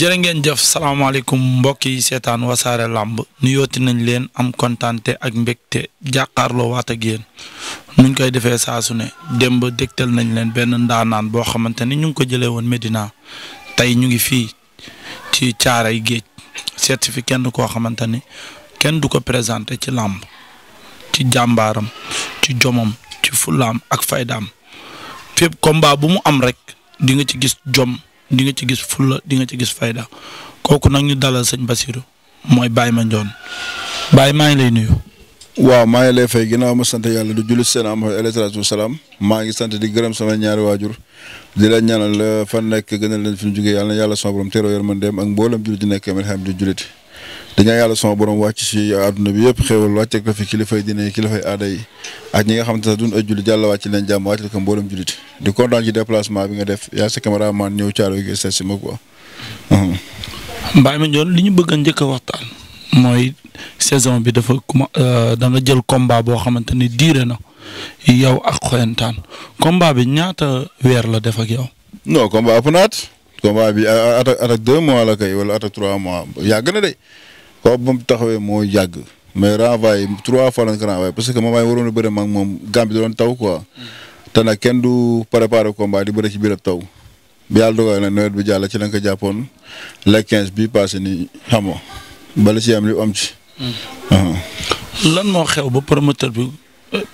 jërë ngeen jëf salaamaaleykum mbokk yi seetaan wasaare làmb nu yooti nañ leen am kontaante ak mbégte jàkkaarloo waat ak yéen nuñ koy defee saasu ne démb dégtal nañ leen benn ndaanaan boo xamante ni ñu ngi ko jëlee woon Medina tey ñu ngi fii ci caaray géej certifié kenn koo xamante ni kenn du ko présenté ci làmb ci jàmbaaram ci jomam ci fulaam ak faydaam fépp komba bu mu am rek di nga ci gis jom di nga ci gis fulla di nga ci gis fayda kooku nag ñu dalal sëñ Basiru mooy Baye Mandione Baye maa ngi lay nuyu. waaw maa ngi lay fay ginnaaw ma sant yàlla du jullit seen am alayhi salaatu wasalaam maa ngi sant di gërëm sama ñaari waajur di la ñaanal fan nekk gënal leen fi mu jugee yàlla na yàlla sama borom teeroo yërmandeem ak mboolem jullit di nekk am alhamdulilah jullit. di ñaan yàlla sama borom wàcc si àdduna bi yëpp xéewal wàcce ko fi kilifay diine kilifay aada yi ak ñi nga xam te sax duñ ay jullit yàlla wàcc leen jàmm wàcc ko mboolem jullit ñëw caaro gi seet si ma quoi. Mhm. Mbaye Mandione li ñu bëgg a njëkk a waxtaan mooy saison bi dafa kuma euh, da nga jël komba boo xamante ni diire na yow ak xoyantaan combat bi ñaata weer la def ak yow. non combat ëpp combat bi at ak deux mois la kay wala at ak trois mois yàgg na de ko ba mu taxawee moo yàgg mais renvoyé trois fois lañ ko renvoyé parce que moment yi waroon na bëre ma ak moom gàmm bi da doon taw quoi. te nag kenn du préparé combat di bëre ci biir taw. bi yàlla dogal na nawet bi jàll ci lañ ko la quinze bi passé ni xam nga bala ci am li am ci. Hmm. Uh-huh. lan moo xew ba promoteur bi.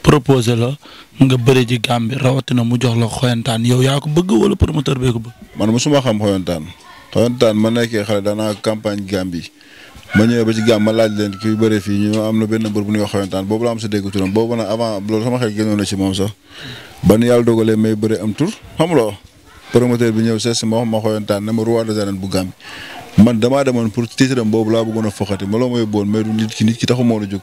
proposé la nga bëri ji Gambie rawatina mu jox la xoyantaan yow yaa ko bëgg wala promoteur bee ko bëgg. man mosuma xam xoyantaan xoyantaan ma nekkee xale danaa campagne Gambie ma ñëwee ba ci ma laaj leen kii bëre fi ñu am na benn mbër bu ñuy wax xoyantaan boobu la am sa dégg turam boobu nag avant loolu sama xel gënoon na ci moom sax ban yàlla dogalee may bëri am tur xam loo promoteur bi ñëw sees ma wax ma xoyantaan ma roi des arènes bu man damaa demoon pour titre boobu laa bëggoon a foxati ma loo ma yóbbuwoon mais du nit ki nit ki taxu moo la jóg.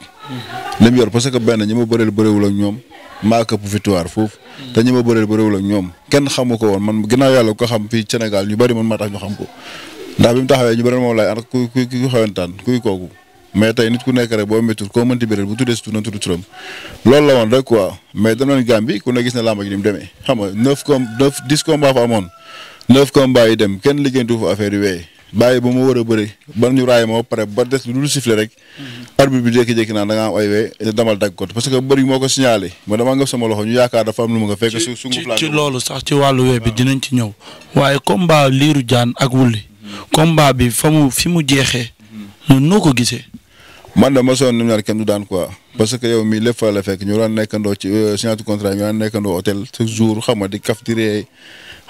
Mm-hmm. yor parce que benn ñi ma bëreel bëreewul ñoom maa këpp victoire foofu. Mm-hmm. te ñi ma bëreel bëreewul ñoom kenn xamu ko woon man ginnaaw yàlla ko xam fii Sénégal ñu bëri ñu bëri moom laay ànd ku ku ku xewantaan kuy kooku mais tey nit ku nekk rek boo méttul koo mënti bëreel bu tuddee si tur na tudd turam loolu la woon rek quoi mais nga neuf com neuf dix combat fa dem kenn liggéeyantu fa affaire bàyyi ba mu war a bëri ba ñu raay ma ba pare ba des lu sifle rek mm-hmm. arbitre bi jékki-jékki naan da ngaa am ay wee damal dagg ko parce que bëri moo ko signalé ma dama nga sama loxo ñu yaakaar dafa am lu ma nga fekk su sungu ci loolu sax ci wàllu wee bi ah. dinañ ci ñëw waaye combat liiru mm-hmm. bi fa fi mu jeexee mm-hmm. noo ko gisee man de ma soon ñoom kenn du daan quoi parce que yow mii lépp fa la fekk ñu daan nekkandoo ci euh, signature contrat ñu daan nekkandoo hôtel chaque jour xam nga di kaf di ree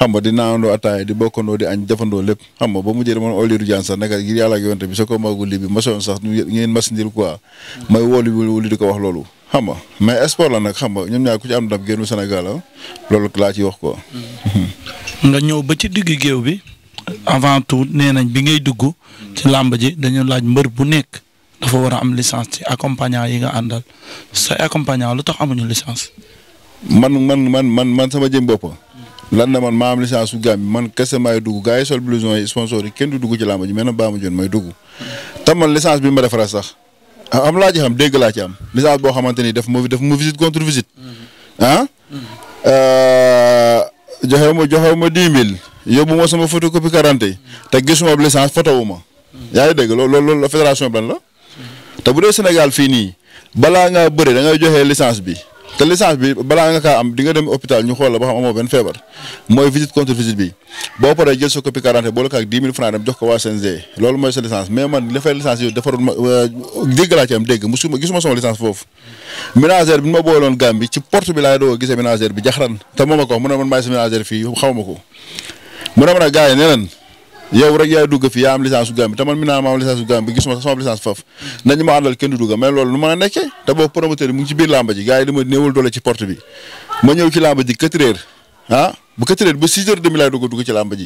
xam nga di naanandoo ataaya di bokkandoo di añ jafandoo lépp xam nga ba mu jëlee man Oliru Jaan sax naka ngir yàlla ak yonte bi sa ko maagu li bi masoon sax ngeen masindir quoi may di ko wax loolu xam nga mais sport la nag xam nga ñoom ñaar ku ci am ndam génnu Sénégal ah, loolu laa ciy wax quoi. nga ñëw ba ci digg géew bi avant tout nee nañ bi ngay dugg ci làmb ji dañu laaj mbër bu nekk dafa war a am licence ci accompagnant yi nga àndal sa accompagnant lu tax amuñu licence. man man man man man sama jëm boppa lan na man maa am licence su Gàmbi man kese maay dugg gars yi sol blouson yi sponsor yi kenn du dugg ci làmb ji mais nag Bamba Dione may dugg tam man licence bi ma defaral sax am laa ci xam dégg laa ci am licence boo xamante ni daf ma daf ma visite contre visite mm-hmm. ah mm-hmm. euh, joxe ma joxe ma dix mille yóbbu ma sama photocopie quarante te gisuma licence photo wu ma mm-hmm. yaa ngi dégg loolu loolu la fédération bi la te bu dee Sénégal fii nii balaa ngaa bëre da ngay joxe licence bi te licence bi balaa nga kaa am di nga dem hôpital ñu xool la ba xam amoo benn feebar mooy visite contre visite bi boo paree jël sa copie quarante boole ko ak dix mille francs dem jox ko waa CNG loolu mooy sa licence mais man li fay licence defarul ma euh, dégg laa ci am dégg musuma gisuma sama licence foofu ménagère bi ma boolewoon Gambie ci porte bi laay doog a gisee ménagère bi jaxran te moom a ko wax mu ne man maay sa ménagère fii xaw ma yow rek yaay dugg fi yaa am licence su Gambie te man mi naa ma am licence su Gambie gisuma sax sama licence foofu nañ ma àndal kenn dugg mais loolu nu mën nekkee te boobu promoteur mu ci biir làmba ji yi dama néewal doole ci porte bi ma ñëw ci làmba ji ah, ba six heures demi laay dugg dugg ci làmba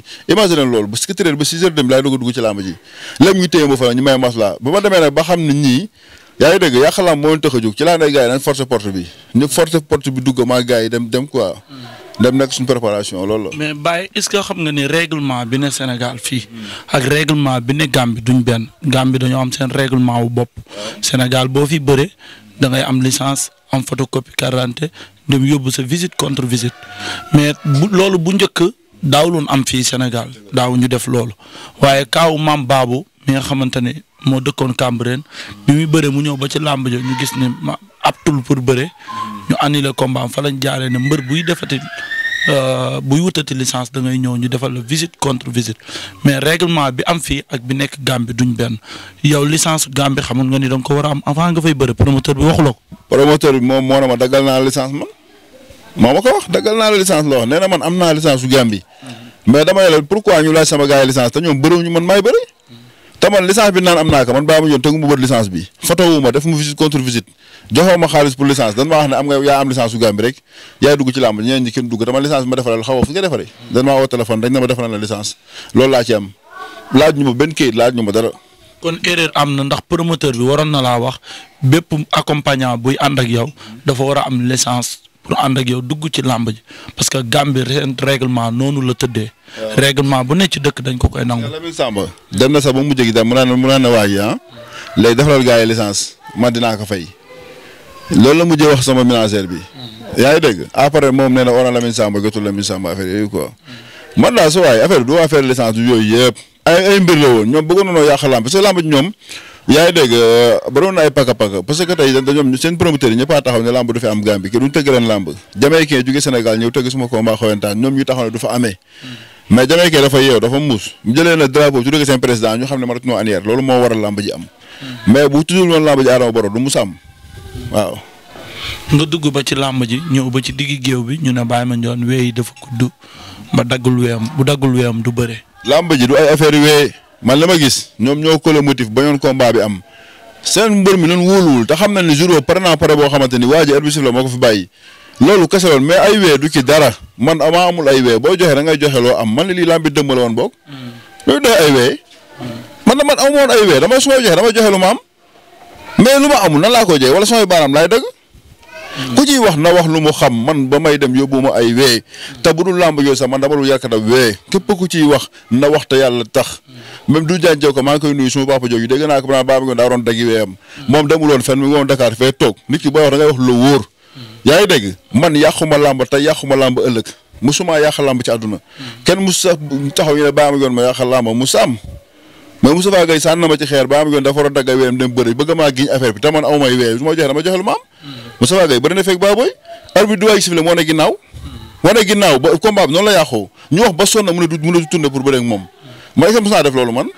ji ñu téye ma fa ñu may maslaa ba ma demee nag ba xam ne ñii yaa ngi dégg yàq làmb moo leen ci laa ne gars yi nañ forcer porte bi ñu forcer dem nekk suñu préparation loolu mais Baye est-ce que xam nga ni règlement bi ne Sénégal fii ak règlement bi ne Gambie duñ benn Gambie dañoo am seen règlement wu bopp Sénégal boo fi bëree da ngay am licence am photocopie carte d'identité dem yóbbu sa visite contre visite mais bu loolu bu njëkk daaw daawuloon am fii Sénégal daaw ñu def loolu waaye kaawu maam baabu mi nga xamante ne moo dëkkoon Cambérène bi muy bëre mu ñëw ba ci làmb jo ñu gis ni ma aptul pour bëre ñu annulé combat fa lañ jaaree ne mbër buy defati euh, buy wutati licence da ñëw ñu defal la visite contre visite mais règlement bi am fii ak bi nekk Gambie duñ benn yow licence Gambie xamul nga ni da nga ko war a am avant fay bëri promoteur bi waxuloo ko. promoteur bi moom moo na ma daggal naa licence man moo ma ko wax daggal naa la licence la wax nee na man am naa licence su mhm. mais dama ne la pourquoi ñu laaj sama gars yi te ñoom bëriwuñu man maay bëri. te man licence bi naan am naa ko man baa ma yoon tegu mu bët licence bi photo ma def mu visite contre visite joxoo xaalis pour licence dan maa wax ne am nga yaa am licence su Gàmbi rek yaay dugg ci làmb ñeneen ñi kenn dugg dama licence bi ma defaral xaw fu nga defaree dan maa woo téléphone dañ na ma defaral la licence loolu laa ci am laaj ñu ma benn kayit laaj ñu ma dara kon erreur am na ndax promoteur bi waroon na laa wax bépp accompagnant buy ànd ak yow dafa war a am licence pour ànd ak yow dugg ci làmb parce que Gambie seen noonu la tëddee. règlement bu ne ci dëkk dañ ko koy nangu. Lamine dem na sax ba mu gi daal mu naan mu naan waa ji ah léegi defal yi licence man dinaa ko fay loolu la mujjee wax sama ménagère bi. Mm-hmm. yaa ngi dégg après moom nee na war na Lamine Samba jotul Lamine Samba affaire yooyu quoi mm-hmm. man daal su waay affaire du affaire licence du yooyu yëpp. ay ay woon ñoom bëggoon nañoo yàq làmb parce que làmb ñoom. yaa ngi dégg euh, baroon na ay paka paka parce que tey seen promoteurs yi ñëpp a taxaw ne làmb du fi am Gambie kii duñ tëgg leen làmb jamaïcain jóge Sénégal ñëw tëgg suma combat xoyantaan ne du fa amee hmm. mais jamaïcain dafa yeew dafa muus mu jëlee na drapeau su dëgg seen président ñu xam ne marat noo anière loolu moo waral làmb ji am hmm. mais bu toujours woon làmb hmm. nga dugg ba ci làmb ji ñëw ba ci diggi géew bi ñu ne Baye Mandione wéy dafa gudd ba daggul weyam bu daggul weyam du bëre làmb ji du ay affaire wéy man la ma gis ñoom ñoo ko le motif ba ñoon combat bi am seen mbër mi noonu wóoluwul te xam na ni jour boobu pare naa pare boo xamante ni waa ji arbitre la moo ko fi bàyyi loolu kese loon mais ay wee du ci dara man ma amul ay wee boo joxe da ngay loo am man li la woon boog mm. loolu doxe ay wee mm. man na man ay wee dama su ma joxe dama joxe lu ma am mais lu ma amul nan laa ko joxe wala samay baaraam laay dëgg ku ciy wax na wax lu mu xam man ba may dem yóbbu ma ay wee te bu dul làmb yooyu sax man dama lu yàkkata wee képp ku ciy wax na wax te yàlla tax même du jànjew ko maa ngi koy nuyu suma papa jooju dégg naa ko baa baba ngoon daa waroon dagi weeyam moom demuloon fenn mi ngi woon Dakar fee toog nit ki booy wax da wax lu wóor yaa ngi dégg man yàquma làmb te yàquma làmb ëllëg musuma yàq làmb ci àdduna kenn mus sax taxaw ñu ne baa ma yoon ma yàq làmb mu mais Moustapha Gueye sànn na ma ba am yoon dafa war a dagg ay weem dem bëri bëgg maa giñ affaire bi te man aw may weey ma joxee dama joxe lu ma am hmm. Moustapha Gueye bëri na fekk baa booy arbitre du waay sifle moo ne ginnaaw hmm. moo ne ginnaaw ba combat bi noonu la yàqoo ñu wax ba sonn mu du mu pour bëre moom hmm. ma est-ce que naa def loolu man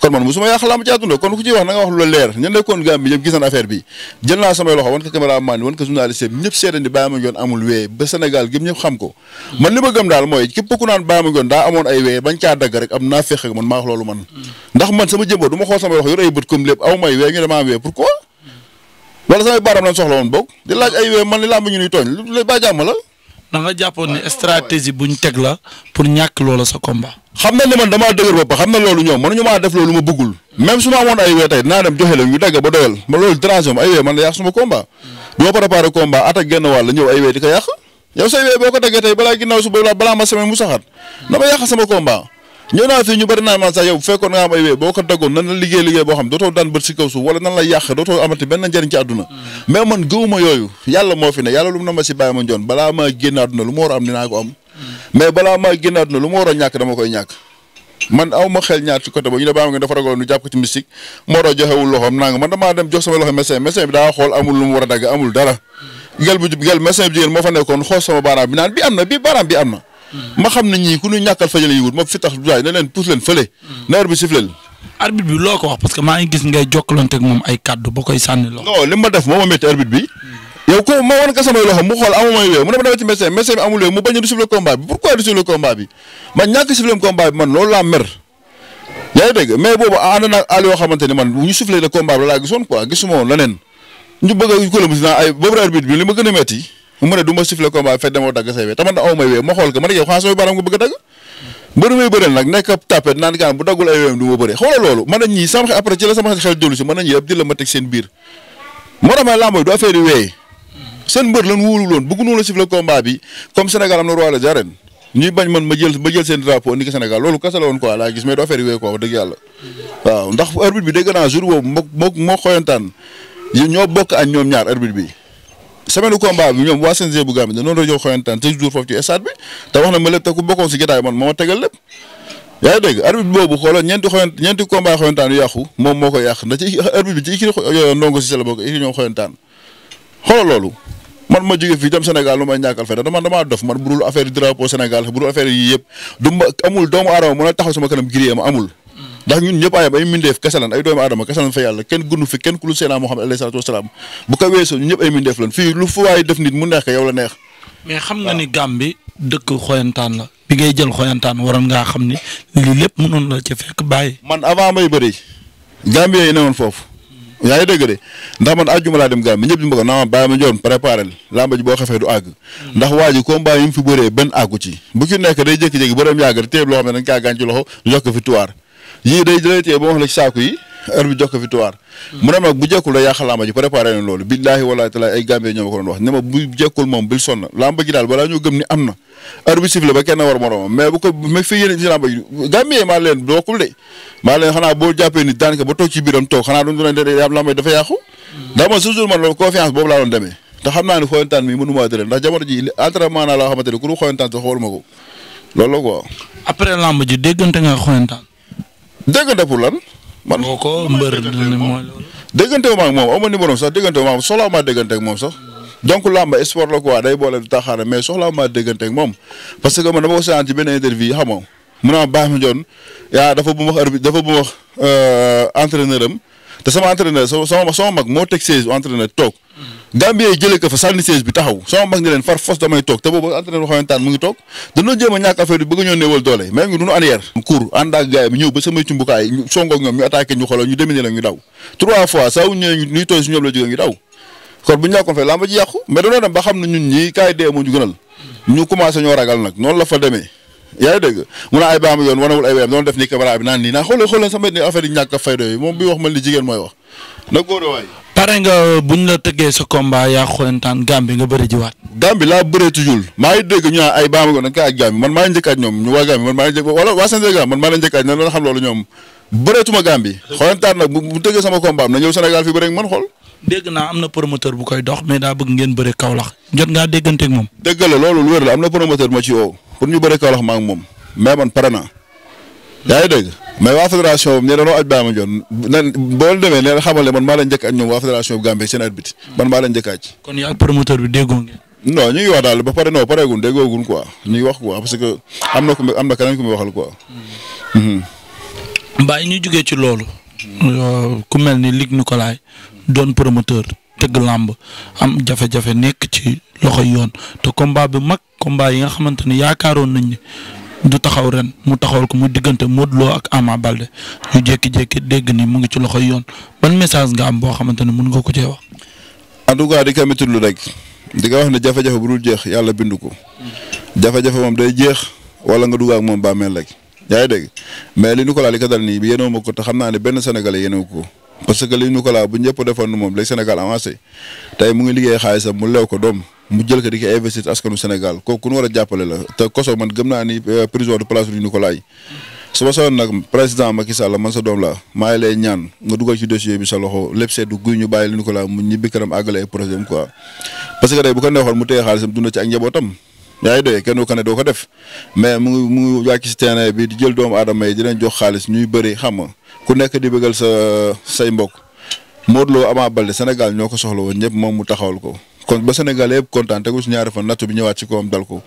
kon man musuma yàq lamb ci àdduna kon ku ci wax na nga wax lu leer ñu nekkoon bi yëpp gis nañ affaire bi jël naa samay loxo wan ko caméraman man li ma gëm daal mooy képp ku naan Baye Mandione daa amoon ay wee bañ man maa wax loolu man ndax man sama jëmboo du ma xool samay loxo ñu nuy tooñ lu jàmm la da nga jàppoon ne stratégie ñu teg la pour ñàkk loola sa combat. xam na ne man damaa dëgër bopp xam na loolu ñoom mënuñu maa def loolu ma bëggul même su ma amoon ay wee tey dinaa dem joxe la ñu dagg ba doyal ma loolu déranger ma ay wee man la yàq suma combat. boo préparé combat at ak genn wàll ñëw ay wee di ko yàq yow say wee boo ko daggee tey balaa ginnaaw suba balaa ma semaine mu saxaat na ma yàq sama combat. ñëw naa fi ñu bëri naa man sax yow bu fekkoon nga am ay wee boo ko daggoon nan la liggéey liggéey boo xam dootoo daan bët si kaw suuf wala nan la yàq dootoo amati benn njëriñ ci àdduna mm. mais man gëwuma yooyu yàlla moo fi ne yàlla lu mu na ma si bàyyi ma njoon balaa ma a am dinaa ko am mm. génn àdduna lu ma war a ñàkk dama koy ñàkk man aw ma xel ñaar ci côté ba ñu ne baa nga dafa ragaloon ñu jàpp ko ci mystique moo doon joxewul loxoom naa man damaa dem jox sama loxo médecin a mm. fa nekkoon xool sama baaraam bi naan bi am na bi baaraam bi am na ma xam na ñii ku ñu ñàkkal fajal yi ma fi tax waay ne leen puus leen fële. nawet bi sifleel. arbitre bi loo wax parce maa ngi gis ngay jokkalante ak moom ay kàddu ba koy sànni loxo. non li mu xool amu may wéew mu bañ du sifle combat bi pourquoi du sifle combat bi man ñàkk sifle combat bi man loolu laa mer. yaa ngi mais boobu ànd naa àll yoo xamante ni man bu ñu siflee le combat bi la laa gisoon quoi gisuma woon leneen ñu bëgg a ko la si naa ay boobu arbitre bi li ma gën a mu ne du ma siffler combat fekk dama dagg say wee tamit aw may wee ma xool ko ma ne yow xanaa samay bëgg a dagg du ma bëre xoolal loolu mën nañ ñii sama après ci la sama xel dellu si loon bëgg noonu la siffler combat bi comme Sénégal am na roi des arènes man ma jël ma jël seen drapeau loolu kese la woon quoi laa gis mais du affaire yu weey quoi moo moo moo xoyantaan ñoo bokk ak ñoom ñaar arbitre bi semaine combat bi ñoom waa CNG bu Gambie danoonu rajo xoyantaan te jour foofu ci stade bi te wax na ma lépp te ku bokkoon si jotaay man moo tegal lépp yaa ngi dégg boobu xoolal ñeenti xoyant ñeenti combat xoyantaan yu moom moo ko yàq ndax ci arbitre bi ci ikiri ndongo si xoyantaan xoolal loolu man ma jóge fii dem Sénégal lu may ñàkkal fay dama damaa dof man budul affaire drapeau Sénégal budul affaire yi yëpp du ma amul doomu aadama mën a taxaw sama kanam girée amul ndax ñun ñëpp ay mindeef kese lan ay doomu aadama kese lan yàlla kenn gunu fi kenn ku lu seenaa Muhammad alayhi salaatu wasalaam bu ko weesoo neex ko yow la neex mais xam nga ni Gàmbi dëkk bi ngay jël xoyantaan waroon ngaa xam ni lépp mënoon la ca fekk bàyyi man avant may bëri Gàmbi yooyu newoon foofu yaa ngi dégg de ndax man àjjuma laa dem Gàmbi boo xefee du àgg hmm. ndax waa ji combat yi mu fi bëree benn àggu ci bu ki nekk day jékki-jékki bërëm yàgg teeb loo xam ne dañ kaa gaañ ci loxo yokk fi tuwaar yii day dalay téye ba wax la ci saako yi heure bi jox ko victoire hmm. mu ne ma bu jekkul la yàq làmba ji préparé loolu billaahi wallaahi taala ay Gambie ñoo ko doon wax ne bu jekkul moom bil sonn làmba daal balaa ñoo gëm ni am na heure bi sifflé ba kenn war moroomam mais bu ko ma fi yéen Gambie maa leen bokkul de maa leen xanaa boo jàppee ni daanaka ba toog ci biiram toog xanaa doon de yaam làmba dafa yàqu ndax hmm. man toujours man loolu confiance déggante pour lan. man moo ko mbër déggante ma ak moom aw ma numéro sax déggante ma soxlaa maa déggante ak moom sax. donc làmba sport la quoi day boole di taxaare mais soxlaa maa déggante ak moom parce que man dama ko séntu ci baax ma joon yaa dafa bu ma wax arbitre dafa bu ma wax euh, entraîneur am te sama entraîneur sama sama mag moo teg siège entraîneur toog. Gambie jëlee ko fa sànni siège bi taxaw sama mag ni leen far fos damay toog te boobu entraîneur waxamantaan mu ngi toog dañoo jéem a ñàkk affaire ñu duñu arrière la ñu daw trois fois saa wu ñëwee ñuy tooy si ñoom la jógee ñu daw kon bu ñu fay lamba ji yàqu mais noonu def ni caméra yi a fay doy moom bi wax man li jigéen mooy wax na góor waay pare nga euh, buñ la tëggee sa combat yaa xoyantaan Gambie nga bëri jiwaat. Gambie laa bëree toujours maa ngi dégg ñu naan ay Bama Gaye dañ koy aj Gambie man maa ngi njëkk aj ñoom ñu waa Gambie man maa ngi njëkk wala waa Sénégal na loolu xam loolu ñoom bëreetuma Gambie xoyantaan nag bu bu na ñëw Sénégal fii bëreeg man xool. dégg naa am na promoteur bu koy dox mais daa bëgg ngeen bëre Kaolack jot ngaa dégganteeg moom. dëgg loolu lu wér la am na promoteur ma ci yow pour ñu bëre Kaolack maa ngi moom mais man pare naa yaa ngi dégg mais waa fédération ne dañoo aj boo demee nee na xamal ne man maa leen njëkk aj ñoom waa fédération bu Gambie seen arbitre man maa leen njëkk aj kon yaa promoteur bi déggoo ngeen non ñu wax daal ba pare non pareegun déggoogun quoi ñu ngi wax quoi parce que am na ku am na keneen ku muy waxal quoi. Hmm. Hmm. Mbaye ñu jugee ci loolu. Euh, ku mel ni Luc Nicolaï doon promoteur tëgg làmb am jafe-jafe nekk ci loxo yoon te combat bi mag combat yi nga xamante ne yaakaaroon nañ du taxaw ren mu taxawal ko muy diggante Modou Lo ak Ama Balde ñu jékki-jékki dégg ni mu ngi ci loxoy yoon ban message nga am boo xamante ne mun nga ko cee wax. en tout cas di ko métti lu rek di nga wax ne jafe-jafe bu dul jeex yàlla bindu ko jafe-jafe moom day jeex wala nga dugg ak moom bàmmeel rek yaa ngi dégg mais li Nicolas li ko dal ni yéenoo ma ko te xam naa ne benn sénégalais yéenoo ko parce que li Nicolas bu ñëpp defoon moom léegi Sénégal avancé tey mu ngi liggéey xaalisam mu lew ko doom. mu jël ko di ko investir askanu Sénégal kooku ku war a jàppale la te koso man gëm naa ni euh, prison de place du Nicolas su ma soo nag président Macky Sall man sa doom la maa ngi lay ñaan nga dugal ci dossier bi sa loxo lépp seddu guy ñu bàyyi li Nicolas mu ñibbi këram àggale ay projet am quoi. parce que day bu ko neexoon mu téye xaalisam dund ci ak njabootam yaa ngi doye kenn ku ne doo ko def mais mu ngi mu ngi si terrain bi di jël doomu adama yi di leen jox xaalis ñuy bëri xam nga ku nekk di bëggal sa say mbokk Modou Lo Ama Baldé Sénégal ñoo ko soxla woon moom mu taxawal ko kon ba Sénégal yëpp kontaan tegu si ñaari fan natt bi ñëwaat ci kawam dal ko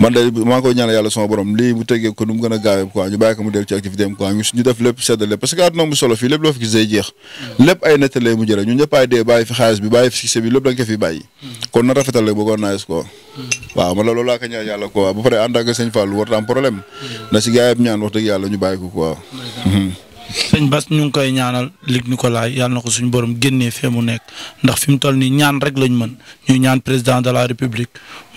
man de maa ngi koy ñaanal yàlla sama borom lii bu tegee ko mu gën a gaawee quoi ñu bàyyi ko mu dellu ci activité am solo fii lépp loo fi gis jeex mm. lépp ay nettalee mu jëre ñu ñëpp ay dee bàyyi fi xaalis bi bàyyi fi succès bi lépp da nga ko fi bàyyi mm. kon na rafetal rek bëggoon naa quoi mm. waaw man la loolu laa ko ñaan yàlla quoi ba pare en tant que warta am problème na si gaa yëpp ñaan wax dëgg yàlla ñu bàyyi ko quoi sëñ Bas ñu ngi koy ñaanal ko Nicolaï yàlla na ko suñu borom génnee fee mu nekk ndax fi mu toll nii ñaan rek lañu mën ñuy ñaan président de la république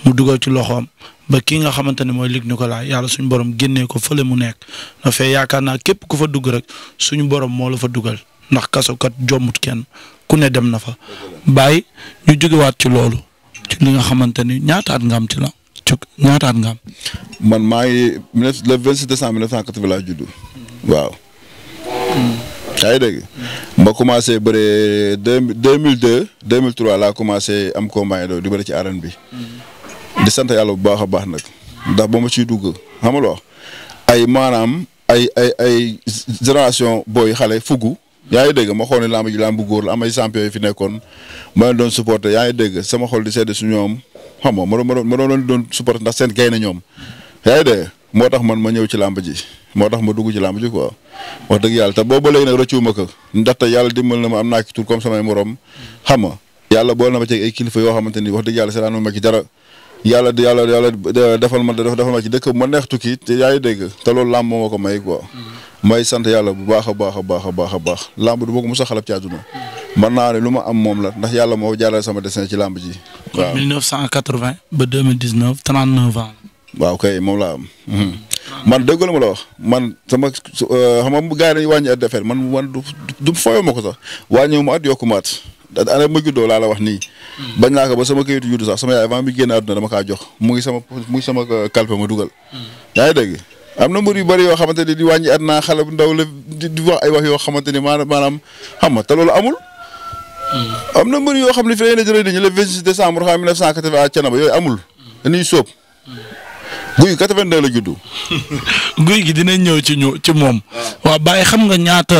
mu dugal ci loxoom ba kii nga xamante ne mooy ko Nicolaï yàlla suñu borom génnee ko fële mu nekk na fee yaakaar naa képp ku fa dugg rek suñu borom moo la fa dugal ndax kaso kat jommut kenn ku ne dem na fa. bàyyi ñu jógewaat ci loolu ci li nga xamante ni ñaataat nga am ci la ci ñaataat nga man maa ngi le 26 décembre 1980 laa judd waaw. yaa ngi dégg ma commencé bëree deux deux mille deux deux mille trois laa commencé am combat doo di bëri ci arène bi. di sant yàlla bu baax a baax nag. ndax ba ma ciy dugg xam wax ay maanaam ay ay ay génération booy xale fuggu yaa ngi dégg ma xool ne lamb ji lamb bu góor la am ay champion yi fi nekkoon ma leen doon supporté yaa ngi dégg sama xol di sedd su ñoom xam nga ma doon ma doon doon supporté ndax seen gaynde ñoom yaa ngi moo tax man ma ñëw ci làmb ji moo tax ma dugg ci làmb ji quoi wax dëgg yàlla te boobu ba léegi nag rëccuwuma ko ndaxte yàlla dimbal na ma am naa ci tur comme samay morom xam yàlla boole na ma ci ni wax dëgg yàlla seetaan ma ci dara yàlla yàlla yàlla defal ma ma ci dëkk ma neex tukki te yaa ngi dégg te loolu làmb moo ko may quoi. Mm-hmm. may sant yàlla bu baax a baax a baax a baax a baax làmb du boo ko mos a xalab ci àdduna man naa ne lu ma am moom la ndax yàlla moo jaarale sama destin ci làmb ji. waaw 1980 ba 2019 39 waaw kay moom laa am. Mhm. man dëgg la ma la wax man sama euh, xam nga gars yi dañuy wàññi at defar man man du du foyoo ma ko sax wàññi ma at yokku ma at da ana ma juddoo laal la wax nii. Hmm. bañ naa ko ba sama kayitu juddu sax sama yaay avant mi génn àdduna dama kaa jox mu sama mu ngi sama kalpe euh, ma dugal. Hmm. yaa ngi dégg am na mbir yu bëri yoo xamante ni di wàññi at na xale bu ndaw la di wax ay wax yoo xamante ni maanaam xam nga te loolu amul. Hmm. am na mbir yoo xam ne fi la ñu la jëlee dañu le 26 décembre xam nga 1980 à Thiénaba yooyu guy 82 la juddu. gi dinañ ñëw ci ñu ci moom. waa Baye xam nga ñaata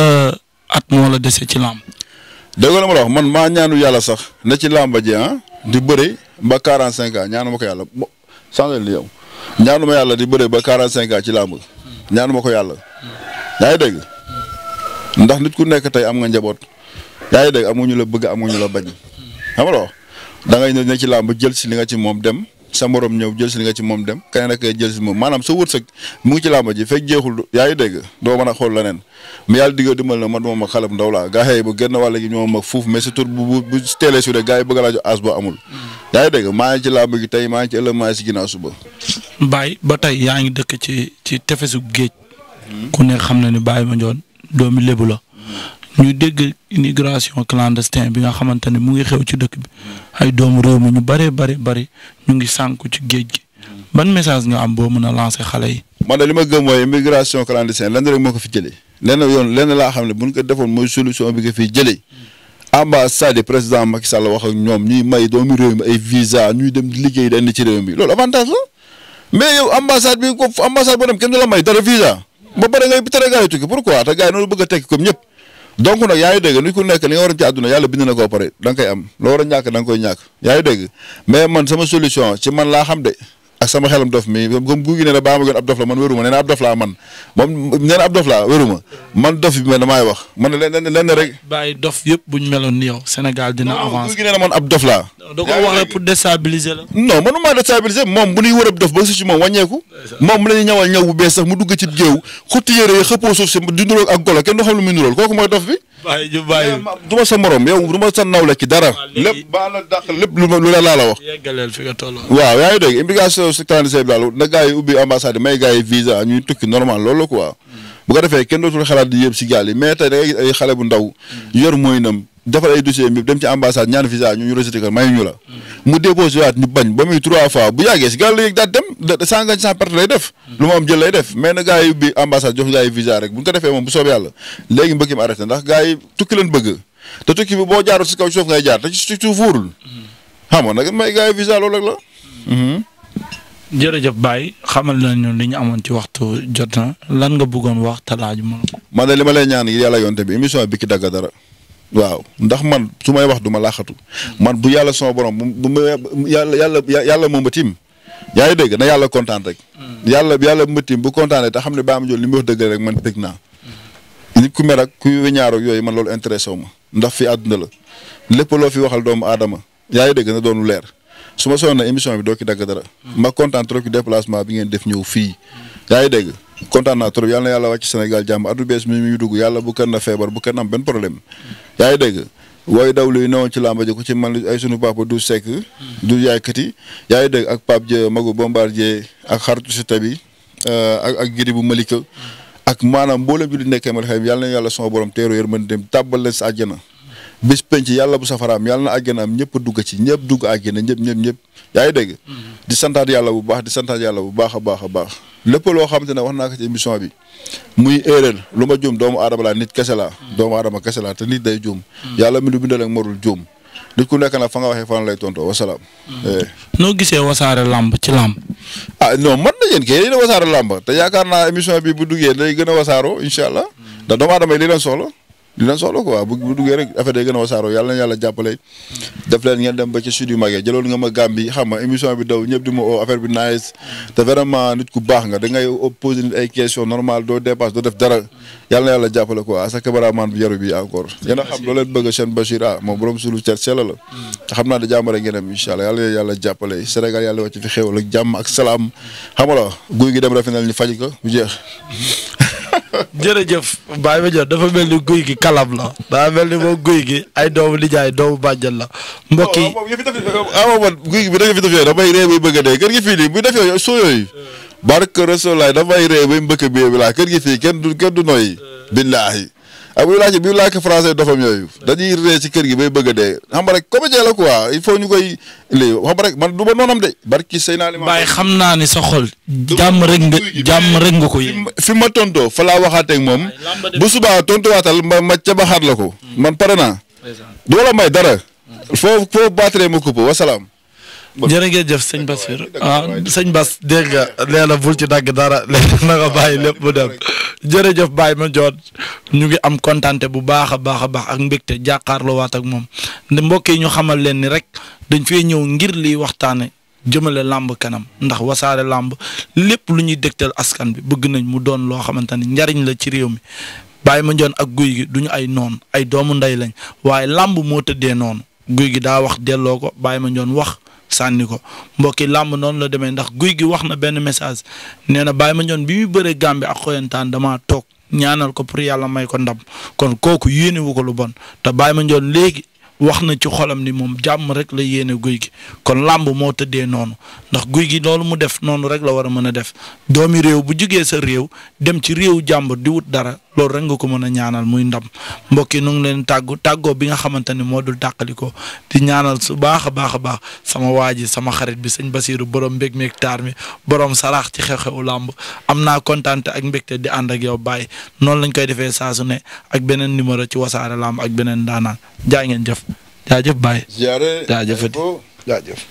at moo la dese ci làmb. dëgg la ma wax man maa ñaanu yàlla sax ne ci làmb ji ah, di bëre ba 45 ans ñaanu ma yàlla bo sànq li ñaanu ma yàlla di bëre ba 45 ans ci làmb ñaanu ma ko yàlla. yaa ngi dégg ndax nit ku nekk tey am nga njaboot yaa ngi dégg amuñu la bëgg amuñu la bañ. xam nga da ne ci làmb jël si li nga ci moom dem. sa morom ñëw jël si nga ci moom dem keneen ak jël si moom maanaam sa wërsëg mu ngi ci làmba ji fekk jeexul yaa ngi dégg doo mën a xool leneen mais yàlla digga dimbal na man moom ak xale bu ndaw laa gaa xëy ba génn wàll gi ñoom ak fuuf mais sa tur bu bu teelee su dee gaa yi bëgg laa jox as boo amul yaa ngi dégg maa ngi ci làmba tey maa ngi ci ëllëg maa ngi si ginnaaw suba Baye ba tey yaa ngi dëkk ci ci tefesu géej hmm. ku ne xam na ni ma Mandione doomi lébu la ñu dégg immigration clandestine bi nga xamante ne mu ngi xew ci dëkk bi ay doomu réew mi ñu bëree bëri bëri ñu ngi sànku ci géej gi ban message nga am boo mën a lancer xale yi. man de li ma gëm mooy immigration clandestine lenn rek moo ko fi jëlee lenn yoon lenn laa xam ne bu ñu ko defoon mooy solution bi nga fiy jëlee ambassade président Macky Sall wax ak ñoom ñuy may doomu réew mi ay visa ñuy dem liggéey dañ ci réew mi loolu avantage la mais yow ambassade bi ko ambassade boo dem kenn du la may dara visa a tekki comme ñëpp donc nag yaa ngi dégg ni ku nekk li nga war ci àdduna yàlla bind na ko pare da nga am loo war a ñàkk da nga koy ñàkk yaa ngi dégg mais man sama solution ci man laa xam de ak sama xelam dof mi comme guugi ne na baa ma gën ab dof la man wéruma nee na ab man dof bi man damaay wax man dof yëpp la. non manuma déstabiliser moom bu ñuy wër dof ba mu dugg ci géew xotti yére xëppoo suuf si di nuróog ak golo kenn du xam lu muy nuróol kooku mooy dof bi. du ma sa morom yow du ma sa nawle ci dara. lépp baa la dàq lépp lu la laa la wax. waaw yaa ngi dégg secteur daal na gars yi ubbi ambassade may gars yi visa ñuy tukki normal loolu la quoi. bu ko defee kenn dootul xalaat di yëpp si gaal yi ko la. mu déposé de cent cent perte lay def. lu ma am jël lay yi ubbi ambassade jox gars yi visa rek bu ñu ko defee moom bu soob yàlla léegi tukki boo jaarul si kaw suuf ngay jaar te ci suuf wóorul. xam may gars visa loolu la. jërëjëf Baye xamal nañu li ñu amoon ci waxtu jot na lan nga buggoon wax talaaj ma. ne li ma lay ñaan yàlla yonte bi émission bi ki dagg dara. waaw ndax man su may wax du ma laaxatu. man bu yàlla sama borom bu bu yàlla yàlla yàlla moom ba yaa ngi dégg na yàlla kontaan rek. Hmm. yàlla yàlla ba tiim bu kontaanee te xam ne Baye Mandione li mu wax dëgg rek man dégg naa. Hmm. nit ku mer ak ku ñaar yooyu man loolu intéressé wu ma ndax fi àdduna la lépp loo fi waxal doomu aadama yaa ngi dégg na doonu leer. su ma sonn émission bi doo ci dagg dara. ma kontaan trop ci déplacement bi ngeen def ñëw fii. yaa ngi dégg kontaan naa trop yal na yàlla wàcc Sénégal jàmm at bu bees mi muy dugg yàlla bu kenn na feebar bu kenn am benn problème. yaa ngi dégg wooy daw luy newoon ci làmba ji ku ci man ay sunu papa du sekk. du yaaykati. yaa ngi dégg ak Pape Dieng Magu Bombardier ak xaritu Siteu bi euh, ak ak giri bu Malika. ak maanaam mboolem bi di nekkee ma xëy yal na yàlla sama borom teeru yër mën dem tàbbal leen sa àjjana. bis penc yàlla bu safaraam yàlla na àgganaam ñëpp dugg ci ñëpp dugg àggina ñëpp ñëpp ñëpp yaa ngi mm-hmm. di santaat yàlla bu baax di santaat yàlla bu baax a baax a baax lépp xam xamante ne wax naa ko ci émission bi muy erreur lu ma juum doomu aadama laa nit kese la mm-hmm. doomu aadama kese laa te nit day juum. Mm-hmm. yàlla mi lu bindal ak morul ku nekk nag fa nga waxee fan lay tontoo wasalaam. Eh. noo gisee wasaare làmb ci làmb. ah non mën na yéen kay yéen a wasaare làmb te yaakaar naa émission bi bu duggee day gën a wasaaroo incha allah. ndax doomu aadama yi li leen dina soxla quoi bu bu duggee rek affaire day gën a wasaaroo yàlla na yàlla jàppale def leen ngeen dem ba ci sud yu nga ma Gambie xam nga émission bi daw ñëpp di oo affaire bi nice te vraiment nit ku baax nga da ay question normal doo dara yàlla na yàlla jàppale quoi sa a xam loo leen bëgg chaîne Bachir ah moom borom sulu cer naa da jàmbare ngeen dem incha allah yàlla na yàlla jàppale Sénégal yàlla wàcc fi xéwal ak jàmm ak salaam xam nga la guy gi dem rafetal ni faj ko bu jeex jërëjëf Baye Mandione dafa mel ni guy gi kalam la daa mel ni mo guy gi ay doom nijaay doomu bàjjan la mbokk yi waaw oh, oh, oh, man guy gi bi danga fi def yooyu damay ree bay bëgg dee kër gi fii nii bu def yooyu soo yooyu barke Rasulaay damay ree bay mbëkk bi laa kër gi fii kenn du kenn du noyyi eh. billaahi ak ah, buy laajte buy làkk français dofam yooyu dañuy ree ci kër gi bay bëgg a dee xam nga rek comédien la quoi il faut ñu koy lii xam nga rek man du ma noonam de barki sëy naa li ma xam naa ni sa xol jàmm rek nga jàmm rek nga ko yéen fi ma tontoo fa laa waxaateeg moom bu subaa tontuwaatal ma ma ca baxaat la ko man pare naa du la may dara foofu foofu baatare ma coupe wasalaam jërë ngeen jëf sëñ Basir ah sëñ Bas dégg nga lee la bul ci dagg dara léegi nga bàyyi lépp mu dem jërëjëf Baye ma joot ñu ngi am kontante bu baax a baax a baax ak mbégte jàkkaarloo waat ak moom mbokk yi ñu xamal leen ni rek dañ fee ñëw ngir liy waxtaane jëmale làmb kanam ndax wasaare làmb lépp lu ñuy dégtal askan bi bëgg nañ mu doon loo xamante ni njariñ la ci réew mi bàyyi ma joon ak guy gi duñu ay noon ay doomu ndey lañ waaye làmb moo tëddee noonu guy gi daa wax delloo ko bàyyi ma joon wax sànni ko mbokki làmb noonu la demee ndax guy gi wax na benn message nee na Baye Mandione bi muy bëree Gambie ak xoyantaan damaa toog ñaanal ko pour yàlla may ko ndam kon kooku yéene ko lu bon te Baye Mandione léegi wax na ci xolam ni moom jàmm rek la yéene guy gi kon làmb moo tëddee noonu ndax guy gi loolu mu def noonu rek la war a mën a def doomi réew bu jugee sa réew dem ci réew jàmb di wut dara loolu rek nga ko mën a ñaanal muy ndam mbokk yi nu ngi leen tàggu tàggoo bi nga xamante ni moo dul tàqaliko di ñaanal su baax a baax a baax sama waa ji sama xarit bi sëñ Basiiru borom mbég meeg taar mi borom saraax ci xew-xewu làmb am naa kontaante ak mbégte di ànd ak yow Baye noonu lañ koy defee saa su ne ak beneen numéro ci wasaare lamb ak beneen daanaan jaa ngeen jëf jaajëf Baye. jaajëf jaajëf